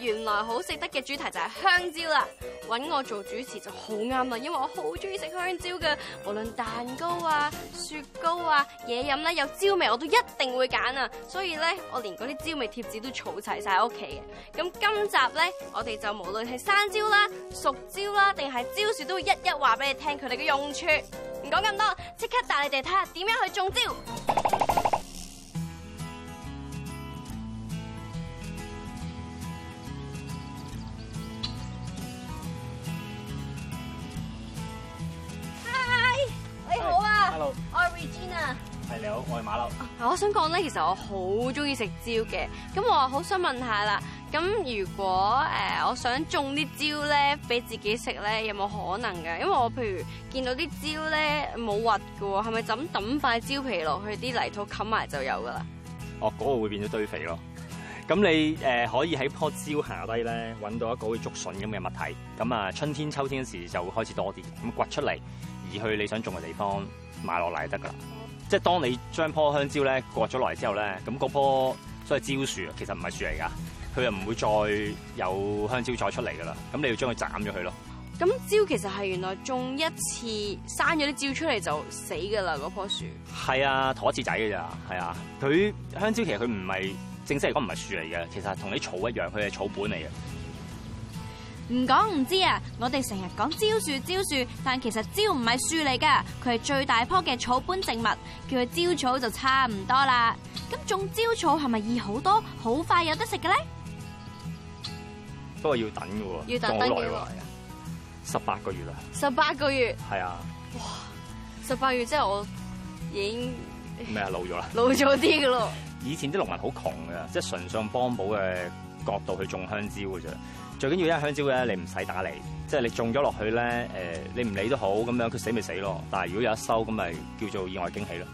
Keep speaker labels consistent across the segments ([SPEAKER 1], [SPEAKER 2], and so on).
[SPEAKER 1] 原來好食得嘅主題就係香蕉啦！揾我做主持就好啱啦，因為我好中意食香蕉噶，無論蛋糕啊、雪糕啊、嘢飲咧有蕉味，我都一定會揀啊！所以咧，我連嗰啲蕉味貼紙都儲齊晒喺屋企嘅。咁今集咧，我哋就無論係生蕉啦、熟蕉啦，定係蕉樹，都會一一話俾你聽佢哋嘅用處。唔講咁多，即刻帶你哋睇下點樣去種蕉。我想講咧，其實我好中意食蕉嘅，咁我好想問下啦，咁如果誒我想種啲蕉咧，俾自己食咧，有冇可能噶？因為我譬如見到啲蕉咧冇核噶喎，係咪就咁抌塊蕉皮落去啲泥土冚埋就有噶啦？
[SPEAKER 2] 哦，嗰個會變咗堆肥咯。咁你誒可以喺棵蕉下低咧搵到一個好似竹筍咁嘅物體，咁啊春天秋天嗰時就會開始多啲，咁掘出嚟移去你想種嘅地方埋落嚟就得噶啦。即係當你將棵香蕉咧割咗落嚟之後咧，咁嗰棵所謂蕉樹啊，其實唔係樹嚟噶，佢又唔會再有香蕉再出嚟噶啦，咁你要將佢斬咗佢咯。
[SPEAKER 1] 咁蕉其實係原來種一次生咗啲蕉出嚟就死㗎啦，嗰棵樹。
[SPEAKER 2] 係啊，佗一次仔㗎咋，係啊，佢香蕉其實佢唔係正式嚟講唔係樹嚟嘅，其實同啲草一樣，佢係草本嚟嘅。
[SPEAKER 1] 唔講唔知啊！我哋成日講蕉樹蕉樹，但其實蕉唔係樹嚟噶，佢係最大棵嘅草本植物，叫佢蕉草就差唔多啦。咁種蕉草係咪易好多，好快有得食嘅咧？
[SPEAKER 2] 不過要等嘅喎，要等幾耐啊？十八個月啊！
[SPEAKER 1] 十八個月。係啊！哇！十八月即係我已經
[SPEAKER 2] 咩啊老咗啦，老咗啲噶咯。 以前啲農民好窮嘅，即係純粹幫補嘅角度去種香蕉嘅啫。最緊要一香蕉咧，你唔使打理，即係你種咗落去咧，誒，你唔理都好，咁樣佢死咪死咯。但係如果有一收，咁咪叫做意外驚喜咯。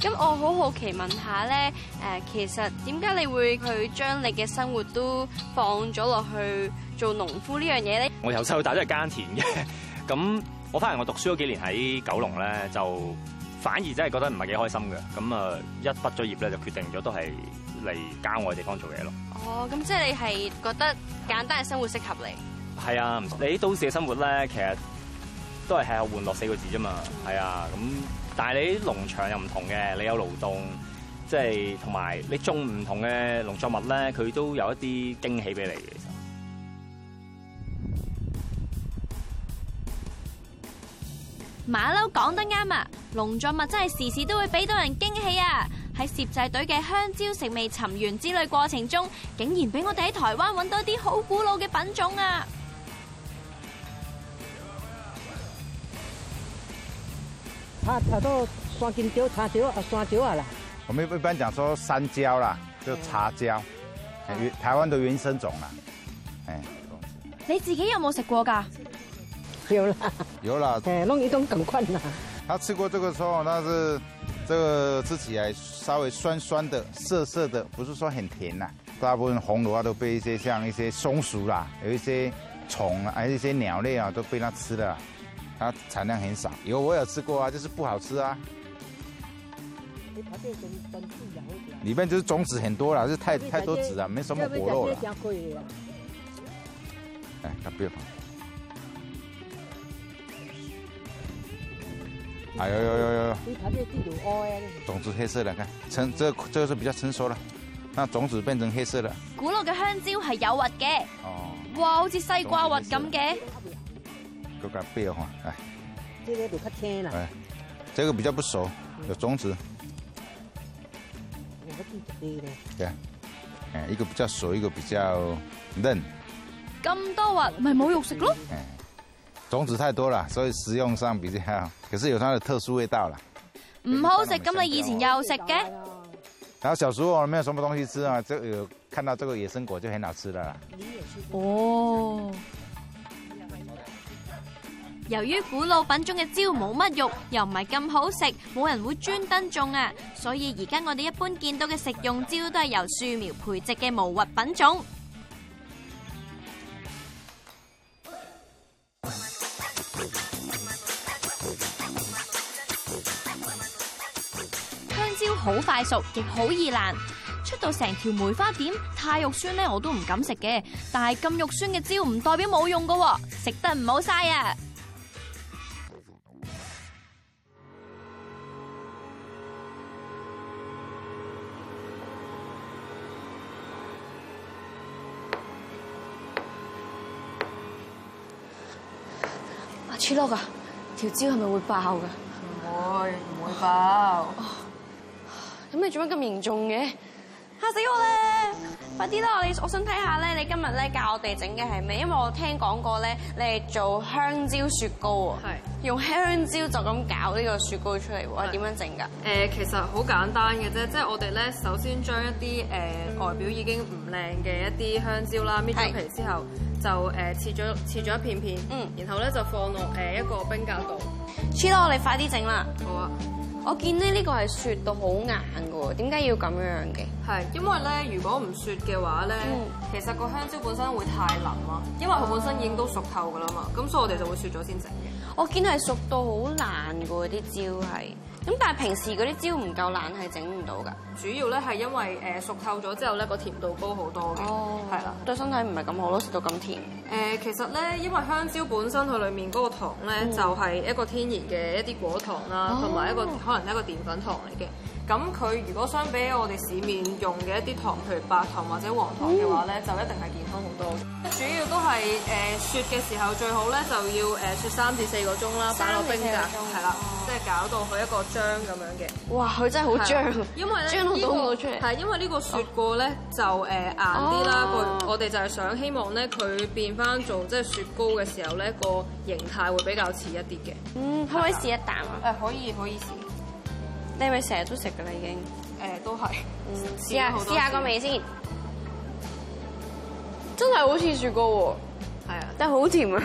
[SPEAKER 1] 咁我好好奇問下咧，誒，其實點解你會去將你嘅生活都放咗落去做農夫呢樣嘢咧？
[SPEAKER 2] 我由細到大都係耕田嘅，咁我翻嚟我讀書嗰幾年喺九龍咧就。反而真係覺得唔係幾開心嘅，咁啊一畢咗業咧就決定咗都係嚟郊外地方做嘢咯。
[SPEAKER 1] 哦，咁即係你係覺得簡單嘅生活適合你？
[SPEAKER 2] 係啊，唔錯。你都市嘅生活咧，其實都係係有「玩樂」四個字啫嘛。嗯。係啊，咁但係你喺農場又唔同嘅，你有勞動，即係同埋你種唔同嘅農作物咧，佢都有一啲驚喜俾你嘅。
[SPEAKER 1] 馬騮講得啱啊，農作物真係時時都會俾到人驚喜啊！喺攝製隊嘅香蕉食味尋源之旅過程中，竟然俾我哋喺台灣揾到啲好古老嘅品種啊！
[SPEAKER 3] 我哋一般講說山椒蕉啦，就茶蕉，台灣都原生種啦。
[SPEAKER 1] 你自己有冇食過噶？
[SPEAKER 3] 有啦，有啦，對，弄一種梗塊了他吃過這個時候，那是這個吃起來稍微酸酸的、澀澀的，不是說很甜吶。大部分紅蘿蔔都被一些像一些松鼠啦，有一些蟲啊，還有一些鳥類啊，都被它吃了，它產量很少。有我有吃過啊，就是不好吃啊。裏面就是種子很多啦，就是太太多籽啊、這個，沒什麼果肉了。哎、這個，他不要哎呦呦呦
[SPEAKER 1] 呦
[SPEAKER 3] 種子黑色的，看成，這這個是比較成熟了，那種子變成黑色的。
[SPEAKER 1] 古老嘅香蕉係有核嘅，哦，哇，好似西瓜核咁嘅。
[SPEAKER 3] 嗰架標，哎，呢
[SPEAKER 1] 啲比較天啦，
[SPEAKER 3] 哎，這個比較不熟，有種子。
[SPEAKER 1] 嗯嗯、
[SPEAKER 3] 一個比較熟，一個比較嫩。
[SPEAKER 1] 咁多核咪冇肉食咯。嗯
[SPEAKER 3] 種子太多了，所以食用上比較好，可是有它的特殊味道啦。
[SPEAKER 1] 唔好食，咁你以前又食嘅？
[SPEAKER 3] 然後小時候，我沒有什麼東西吃啊，就有看到這個野生果就很好食啦。哦。
[SPEAKER 1] 由於古老品種嘅蕉冇乜肉，又唔係咁好食，冇人會專登種啊，所以而家我哋一般見到嘅食用蕉都係由樹苗培植嘅無核品種。好快熟，亦好易爛，出到成條梅花點太肉酸咧，我都唔敢食嘅。但係咁肉酸嘅蕉唔代表冇用噶，食得唔好嘥啊！阿 Chloe 啊，條蕉係咪會爆噶？唔會，唔會爆啊。咁你做乜咁嚴重嘅？嚇死我咧！快啲啦，我想睇下咧，你今日咧教我哋整嘅係咩？因為我聽講過咧，你係做香蕉雪糕喎，係係用香蕉就咁搞呢個雪糕出嚟喎？係點樣整㗎、呃？其實好簡單嘅啫，即係我哋咧首先將一啲
[SPEAKER 4] 呃、外表已經唔靚嘅一啲香蕉啦，搣咗皮之後就切咗切咗一片片，嗯，然後咧就放落一個冰架度。黐撚我哋快啲整啦！好啊。
[SPEAKER 1] 我見咧呢個係雪到好硬嘅喎，點解要咁樣嘅？係
[SPEAKER 4] 因為咧，如果唔雪嘅話咧，嗯、其實個香蕉本身會太腍囉。因為佢本身已經都熟透㗎啦嘛，咁、啊、所以我哋就會雪咗先整
[SPEAKER 1] 嘅。我見係熟到好爛嘅啲蕉係。咁但係平時嗰啲蕉唔夠冷係整唔到㗎，主要咧係因為誒熟透咗之後咧個甜度高好多嘅，係啦，對身體唔係咁好咯，食到咁甜。誒，其
[SPEAKER 4] 實咧因為香蕉本身佢裡面嗰個糖咧就係一個天然嘅一啲果糖啦，同埋一個可能係一個澱粉糖嚟嘅。咁佢如果相比我哋市面用嘅一啲糖，譬如白糖或者黃糖嘅話咧，就一定係健康好多。主要都係誒雪嘅時候最好咧就要誒雪三至四個鐘啦，擺落冰㗎，係啦。即係搞到佢一個漿咁樣嘅，哇！佢真係好漿。因為咧，呢、這個係因為呢個雪過咧、oh. 就誒、呃、硬啲啦。個、oh. 我哋就係想希望咧佢變翻做即係雪糕嘅時候咧、這個形態會比較似一啲嘅。嗯，可唔可以試一啖啊？誒，可以可以
[SPEAKER 1] 試。你咪成日都食噶啦已經。誒、
[SPEAKER 4] 呃，都係。試下試下個味道先，
[SPEAKER 1] 真係好似雪糕喎、啊。係啊，真係好甜啊。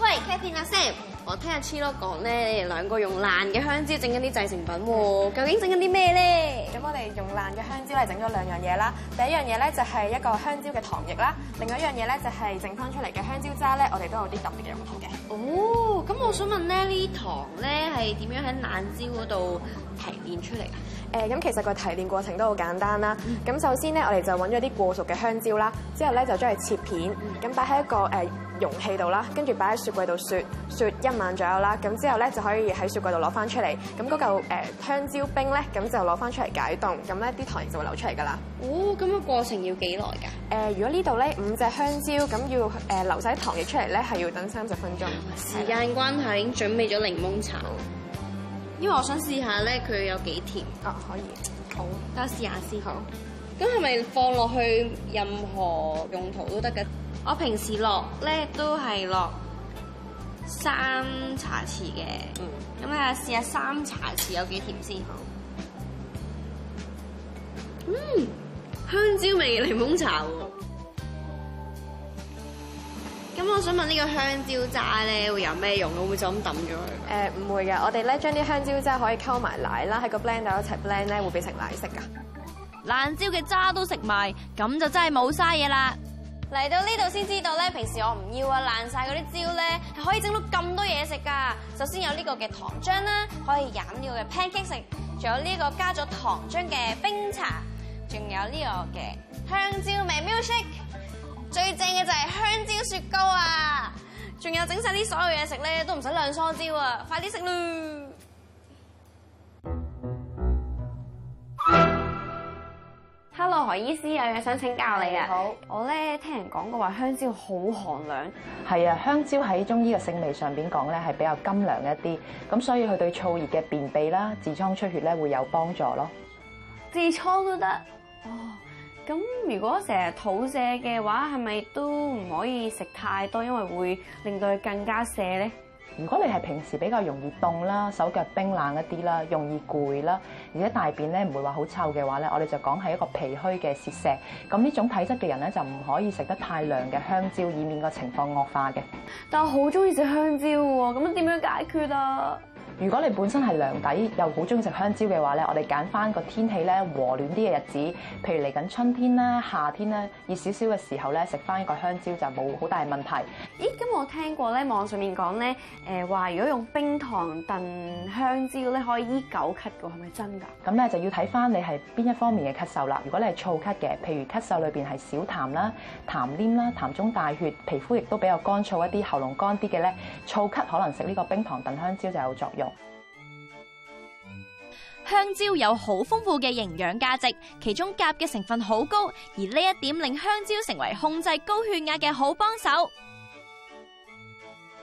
[SPEAKER 1] 喂 Katy，阿 Sam 我聽阿黐咯講咧，你哋兩個用爛嘅香蕉整緊啲製成品喎，究竟整緊啲咩咧？咁我哋用爛嘅香蕉係整咗兩樣嘢啦，第一樣嘢咧就係一個香蕉嘅糖液啦，另外一樣嘢咧就係剩翻出嚟
[SPEAKER 4] 嘅香蕉渣咧，我哋都有啲特別嘅用途嘅。
[SPEAKER 1] 哦，咁我想問咧，呢啲糖咧係點樣喺冷蕉嗰度提煉出嚟噶？咁、呃、其實個提煉過程都好簡單啦。咁、嗯、首先咧，我哋就揾咗啲過熟嘅香蕉啦，之後咧就將佢切片，咁擺喺一個容器度啦，跟住擺喺雪櫃度雪雪一晚左右啦。咁之後咧就可以喺雪櫃度攞翻出嚟，咁嗰嚿香蕉冰咧，咁就攞翻出嚟解凍，咁咧啲糖就會流出嚟噶啦。哦，咁、個過程要幾耐㗎？誒、呃，如果這呢度咧五隻香蕉，咁要誒流曬糖液出嚟咧，係要等三十分鐘。時間關係，已經準備咗檸檬茶，因為我想試下咧，佢有幾甜。啊、哦，可以。好，等我試下先。好。咁係咪放落去任何用途都得嘅？我平時落咧都係落三茶匙嘅。嗯。咁咧，試下三茶匙有幾甜先好。嗯。香蕉味檸檬茶喎，咁我想問呢個香蕉渣咧會有咩用？會唔會就咁抌咗佢？誒，唔會嘅，我哋咧、呃、將啲香蕉渣可以溝埋奶啦，喺個 blend 度一齊 blend 咧會變成奶食噶。爛蕉嘅渣都食埋，咁就真係冇嘥嘢啦。嚟到呢度先知道咧，平時我唔要啊，爛晒嗰啲蕉咧係可以整到咁多嘢食噶。首先有呢個嘅糖漿啦，可以飲料嘅 pancake 食，仲有呢個加咗糖漿嘅冰茶。仲有呢、這個嘅香蕉味 music，最正嘅就係香蕉雪糕啊！仲有整晒啲所有嘢食咧，都唔使兩梳蕉啊！快啲食啦！Hello，何醫師有嘢想請教你嘅。Hi，你好，我咧聽人講過話香蕉好寒
[SPEAKER 5] 涼。係啊，香蕉喺中醫嘅性味上邊講咧係比較甘涼一啲，咁所以佢對燥熱嘅便秘啦、痔瘡出血咧會有幫助咯。痔瘡
[SPEAKER 1] 都得，哦，咁如果成日肚瀉嘅話，係咪都唔可以食太
[SPEAKER 5] 多，因為會令到佢更加瀉咧？如果你係平時比較容易凍啦、手腳冰冷一啲啦、容易攰啦，而且大便咧唔會話好臭嘅話咧，我哋就講係一個脾虛嘅泄瀉，咁呢種體質嘅人咧就唔可以食得太涼嘅香蕉，以免個情況惡化嘅。但係好中意食香蕉喎，咁點樣解決啊？如果你本身係涼底，又好中意食香蕉嘅話咧，我哋揀翻個天氣咧和暖啲嘅日子，譬如嚟緊春天啦、夏天啦，熱少少嘅時候咧，食翻一個香蕉就冇好大問題。
[SPEAKER 1] 咦，咁我聽過咧網上面講咧，誒、呃、話如果用冰糖燉香蕉咧可以醫久咳嘅，係咪真㗎？
[SPEAKER 5] 咁咧就要睇翻你係邊一方面嘅咳嗽啦。如果你係燥咳嘅，譬如咳嗽裏邊係少痰啦、痰黏啦、痰中帶血、皮膚亦都比較乾燥一啲、喉嚨乾啲嘅咧，燥咳可能食呢個冰糖燉香蕉就有作用。
[SPEAKER 1] 香蕉有好豐富嘅營養價值，其中鉀嘅成分好高，而呢一點令香蕉成為控制高血壓嘅好幫手。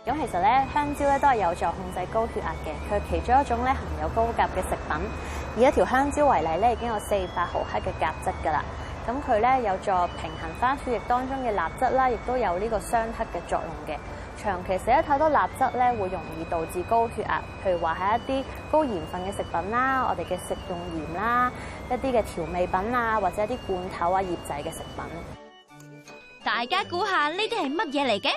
[SPEAKER 6] 咁其實咧，香蕉咧都係有助控制高血壓嘅，佢係其中一種咧含有高鉀嘅食品。以一條香蕉為例咧，已經有四百毫克嘅鉀質㗎喇。咁佢咧有助平衡翻血液當中嘅鈉質啦，亦都有呢個相克嘅作用嘅。長期食得太多鈉質咧，會容易導致高血壓。譬如話係一啲高鹽分嘅食品啦，我哋嘅食用鹽啦，一啲嘅調味品啊，或者一啲罐頭啊、醃製嘅食品。
[SPEAKER 1] 大家估下呢啲係乜嘢嚟嘅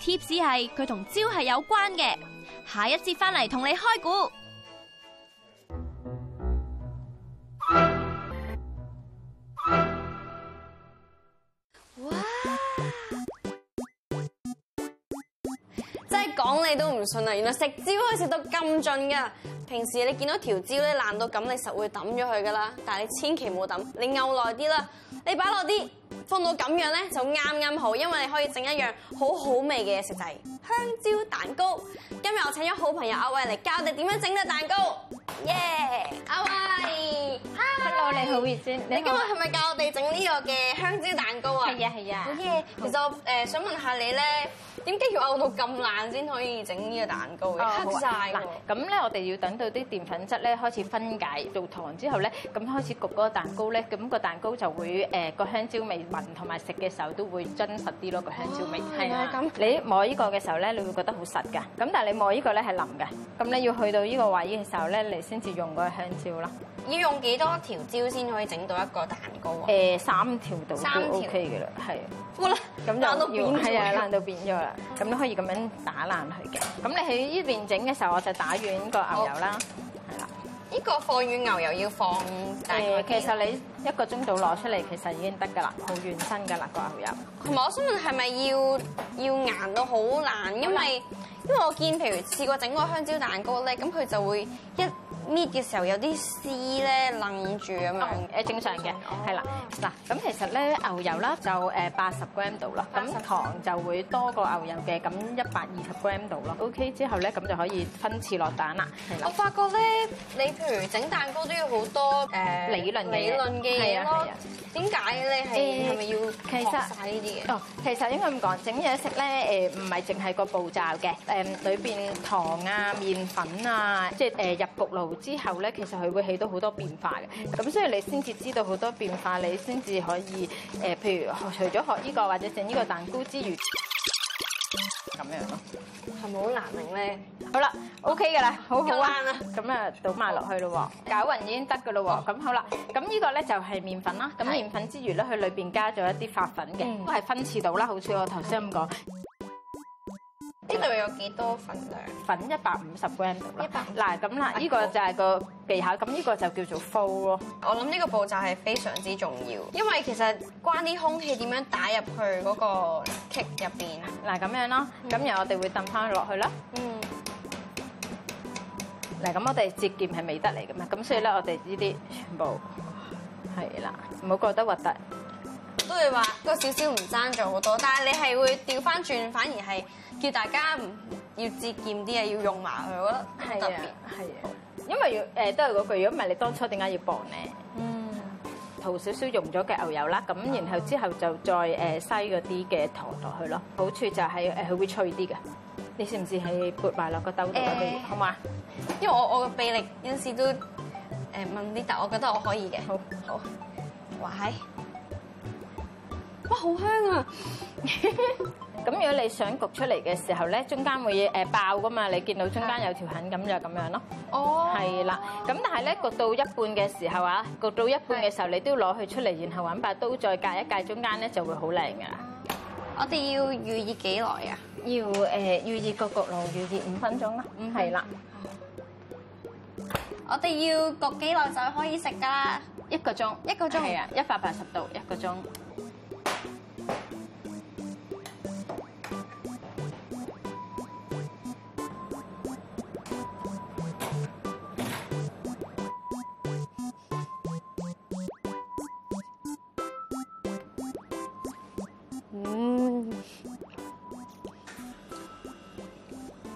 [SPEAKER 1] ？tips 係佢同蕉係有關嘅。下一節翻嚟同你開估。講你都唔信啊！原來食蕉可以食到咁盡噶。平時你見到條蕉咧爛到咁，你實會抌咗佢噶啦。但係你千祈冇抌，你漚耐啲啦。你擺落啲，放到咁樣咧就啱啱好，因為你可以整一樣好好味嘅嘢食就係香蕉蛋糕。今日我請咗好朋友阿偉嚟教你哋點樣整呢個蛋糕。耶，阿偉。係好熱先。你今日係咪教我哋整呢個嘅香蕉蛋糕啊？係啊，係啊。好嘢！其實誒，想問下你咧，點解要熬到咁爛先可以整呢個蛋糕嘅？黑晒喎。咁咧，我哋
[SPEAKER 7] 要等到啲澱粉質咧開始分解做糖之後咧，咁開始焗嗰個蛋糕咧，咁個蛋糕就會誒，個香蕉味聞同埋食嘅時候都會真實啲咯，個香蕉味。係啊，咁你摸呢個嘅時候咧，你會覺得好實㗎。咁但係你摸呢個咧係腍嘅。咁你要去到呢個位嘅時候咧，你先至用嗰個香蕉啦。
[SPEAKER 1] 要用幾多條蕉？先
[SPEAKER 7] 可以整到一個蛋糕喎、呃。三條，三條到，三 OK 嘅啦，係。
[SPEAKER 1] 啦，咁就已經係啊，爛到
[SPEAKER 7] 變咗啦。咁、嗯、都可以咁樣打爛佢嘅。咁你喺呢邊整嘅時候，我就打軟個牛油啦。係啦，依、這個放軟牛油要放誒、呃，其實你一個鐘度攞出嚟，其實已經得㗎啦，好軟身㗎啦個牛油。
[SPEAKER 1] 同埋我想問係咪要要硬到好爛？因為因為我見譬如試過整個香蕉蛋糕咧，咁佢就會一。搣嘅時候有啲絲咧，楞住咁樣，誒，正常嘅，
[SPEAKER 7] 係啦，嗱咁、哦、其實咧牛油啦，就誒，八十 gram 度啦，咁糖就會多過牛油嘅，咁一百二十 gram 度咯。OK 之後咧，咁就可以分次落蛋啦。我
[SPEAKER 1] 發覺咧，你譬如整蛋糕都要好多誒理論嘅嘢，係啊，點解咧？係咪要學曬呢啲嘅？哦，其實應該咁講，整嘢食
[SPEAKER 7] 咧，誒唔係淨係個步驟嘅，誒裏邊糖啊、麵粉啊，即係誒入焗爐。之後咧，其實佢會起到好多變化嘅，咁所以你先至知道好多變化，你先至可以誒、呃，譬如除咗學除咗學呢個或者整呢個蛋糕之餘，咁樣咯，
[SPEAKER 1] 係咪好難明咧、嗯？好啦，OK 㗎啦，好好玩、
[SPEAKER 7] 啊，咁啊倒埋落去咯喎，攪、嗯、勻已經得㗎咯喎，咁好啦，咁呢個咧就係麵粉啦，咁麵粉之餘咧，佢裏邊加咗一啲發粉嘅、嗯，都係分次到啦，好似我頭先咁講。
[SPEAKER 1] 呢度有幾多份量？
[SPEAKER 7] 粉一百五十 gram 到啦。嗱，咁啦，呢個就係個技巧。咁呢個就叫做 fold 咯。我諗呢個步驟係非常之重
[SPEAKER 1] 要，因為其實關啲空氣點樣打入去嗰個 cake 入邊。
[SPEAKER 7] 嗱，咁樣咯，咁然我哋會揼翻落去啦。嗯。嗱，咁我哋節儉係美德嚟㗎嘛？咁所以咧，我哋呢啲全部係啦，唔好覺得核突。
[SPEAKER 1] 都會話個少少唔爭咗好多，但係你係會掉翻轉，反而係。叫大家要節儉啲啊，要用埋佢，我覺得特別。係
[SPEAKER 7] 啊，因為要誒都係嗰句，如果唔係你當初點解要播咧？嗯，塗少少溶咗嘅牛油啦，咁然後之後就再誒篩嗰啲嘅糖落去咯。好處就係誒佢會脆啲嘅。你先至係撥埋落個兜度嘅，好嗎？
[SPEAKER 1] 因為我我嘅臂力有時都誒問啲答，我覺得我可以嘅。好，好，我係。哇，好香啊！咁如果你
[SPEAKER 7] 想焗出嚟嘅時候咧，中間會誒爆噶嘛，你見到中間有條痕，咁就咁樣咯。哦。係啦，咁但係咧焗到一半嘅時候啊，焗到一半嘅時候，你都要攞佢出嚟，然後揾把刀再夾一夾，中間咧就會好靚噶啦。我哋要預熱幾耐啊？要誒預熱焗焗爐預熱五分鐘啦。嗯，係啦。
[SPEAKER 1] 我哋要焗幾耐就可以食噶啦？一個鐘。一個鐘。係啊，一百八十度一個鐘。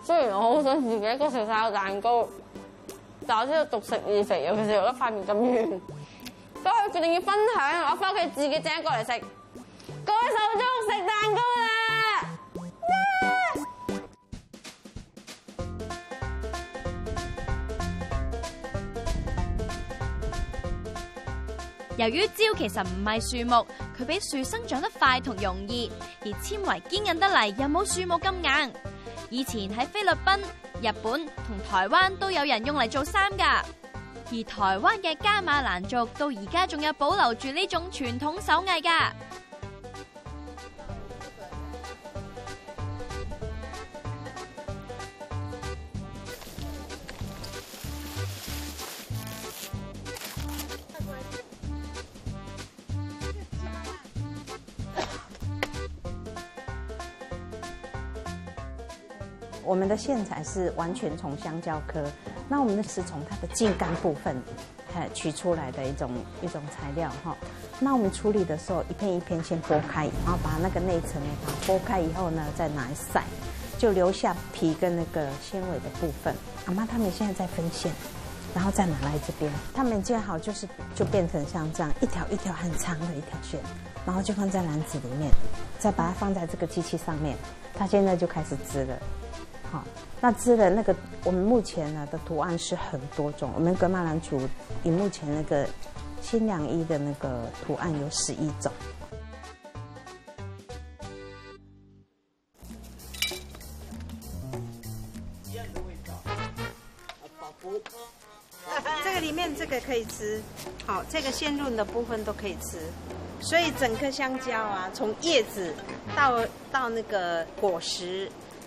[SPEAKER 1] 雖然我好想自己一個食晒個蛋糕，但我知道獨食易肥，尤其是我塊面咁圓，所以決定要分享，我返屋企自己整一個嚟食。各位手中食蛋糕啦！由於蕉其實唔係樹木，佢比樹生長得快同容易，而纖維堅韌得嚟，又冇樹木咁硬。以前喺菲律賓、日本同台灣都有人用嚟做衫㗎，而台灣嘅加馬蘭族到而家仲有保留住呢種傳統手藝㗎。
[SPEAKER 8] 我們的線材是完全從香蕉科，那我們的是從它的莖幹部分，取出來的一種一種材料哈。那我們處理的時候，一片一片先剝開，然後把那個內層呢，把它剝開以後呢，再拿來曬，就留下皮跟那個纖維的部分。阿媽他們現在在分線，然後再拿來這邊，他們接好就是就變成像這樣一條一條很長的一條線，然後就放在籃子裏面，再把它放在這個機器上面，它現在就開始織了。好，那吃的那個，我們目前呢的圖案是很多種。我們格馬蘭族以目前那個新娘衣的那個圖案有十一種。一樣的味道，這個裏面這個可以吃，好，這個鮮潤的部分都可以吃，所以整棵香蕉啊，從葉子到到那個果實。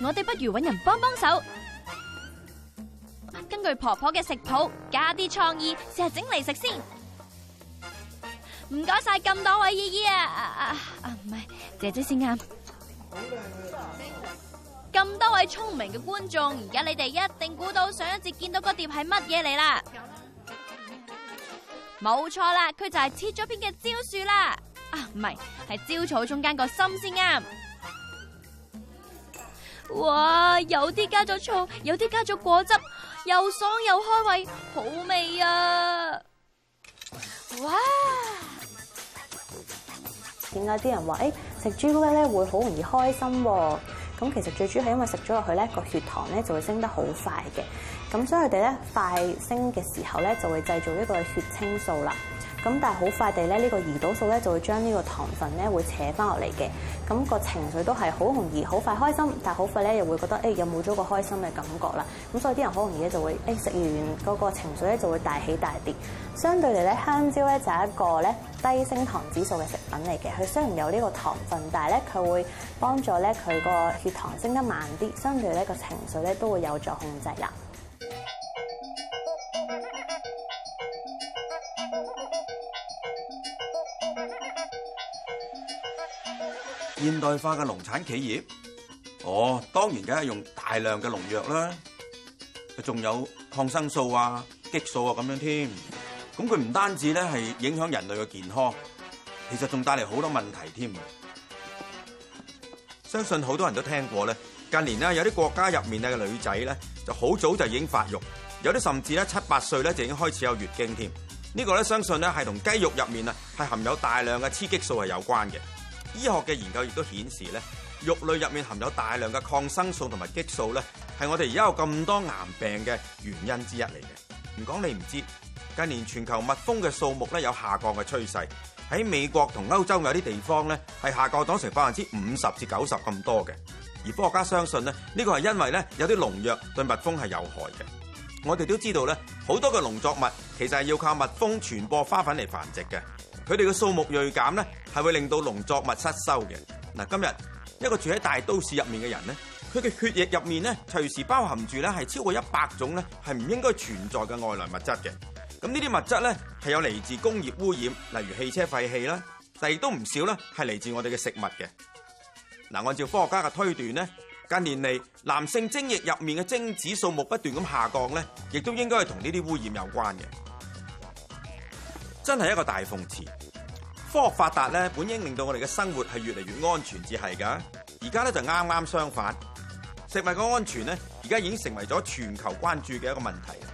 [SPEAKER 1] 我哋不如搵人幫幫手，根據婆婆嘅食譜，加啲創意，試下整嚟，食先謝謝、啊。唔該晒，咁多位姨姨啊啊啊，唔係姐姐先啱。咁多位聰明嘅觀眾，而家你哋一定估到上一節見到個碟係乜嘢嚟啦？冇錯啦，佢就係切咗邊嘅蕉樹啦。啊唔係，係蕉草中間個心先啱。哇，有啲加咗醋，有啲加咗果汁，又爽又開胃，好味啊！哇，
[SPEAKER 6] 點解啲人話誒食朱古力咧會好容易開心？咁其實最主要係因為食咗落去咧個血糖咧就會升得好快嘅，咁所以佢哋咧快升嘅時候咧就會製造一個血清素啦。咁但係好快地咧，呢個胰島素咧就會將呢個糖分咧會扯翻落嚟嘅，咁個情緒都係好容易好快開心，但係好快咧又會覺得誒有冇咗個開心嘅感覺啦。咁所以啲人好容易咧就會誒食完嗰個情緒咧就會大起大跌。相對嚟咧，香蕉咧就係一個咧低升糖指數嘅食品嚟嘅，佢雖然有呢個糖分，但係咧佢會幫助咧佢個血糖升得慢啲，相對咧個情緒咧都會有助控制啦。
[SPEAKER 9] 現代化嘅農產企業，哦，當然梗係用大量嘅農藥啦，仲有抗生素啊、激素啊咁樣添。咁佢唔單止咧係影響人類嘅健康，其實仲帶嚟好多問題添。相信好多人都聽過咧，近年呢，有啲國家入面嘅女仔咧就好早就已經發育，有啲甚至咧七八歲咧就已經開始有月經添。呢個咧相信咧係同雞肉入面啊係含有大量嘅雌激素係有關嘅。醫學嘅研究亦都顯示咧，肉類入面含有大量嘅抗生素同埋激素咧，係我哋而家有咁多癌病嘅原因之一嚟嘅。唔講你唔知，近年全球蜜蜂嘅數目咧有下降嘅趨勢，喺美國同歐洲有啲地方咧係下降咗成百分之五十至九十咁多嘅。而科學家相信咧，呢個係因為咧有啲農藥對蜜蜂係有害嘅。我哋都知道咧，好多嘅農作物其實係要靠蜜蜂傳播花粉嚟繁殖嘅。佢哋嘅數目鋭減咧，係會令到農作物失收嘅。嗱，今日一個住喺大都市入面嘅人咧，佢嘅血液入面咧，隨時包含住咧係超過一百種咧係唔應該存在嘅外來物質嘅。咁呢啲物質咧係有嚟自工業污染，例如汽車廢氣啦，但亦都唔少啦係嚟自我哋嘅食物嘅。嗱，按照科學家嘅推斷咧，近年嚟男性精液入面嘅精子數目不斷咁下降咧，亦都應該係同呢啲污染有關嘅。真係一個大諷刺，科學發達咧，本應令到我哋嘅生活係越嚟越安全至係㗎，而家咧就啱啱相反，食物嘅安全咧，而家已經成為咗全球關注嘅一個問題。